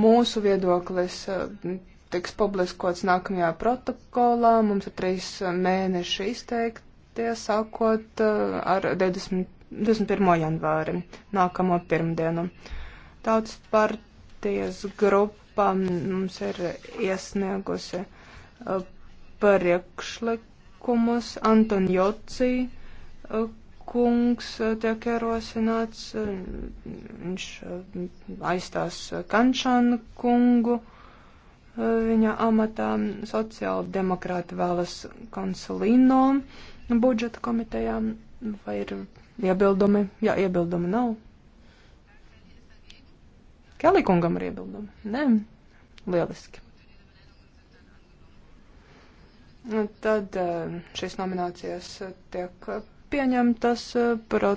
Mūsu viedoklis eh, tiks publiskots nākamajā protokolā. Mums ir trīs mēneši izteikties, sākot eh, ar 20, 21. janvāri, nākamo pirmdienu. Tautas partijas grupa mums ir iesniegusi eh, priekšlikumus Anton Joci kungs uh, tiek ierosināts, uh, viņš uh, aizstās Kančānu kungu viņa amatā sociāla demokrāta vēlas konsulino budžeta komitejā. Vai ir iebildumi? Jā, iebildumi nav. Kelī kungam ir iebildumi? Nē, lieliski. Tad šīs nominācijas tiek pieņemtas eh, protokols.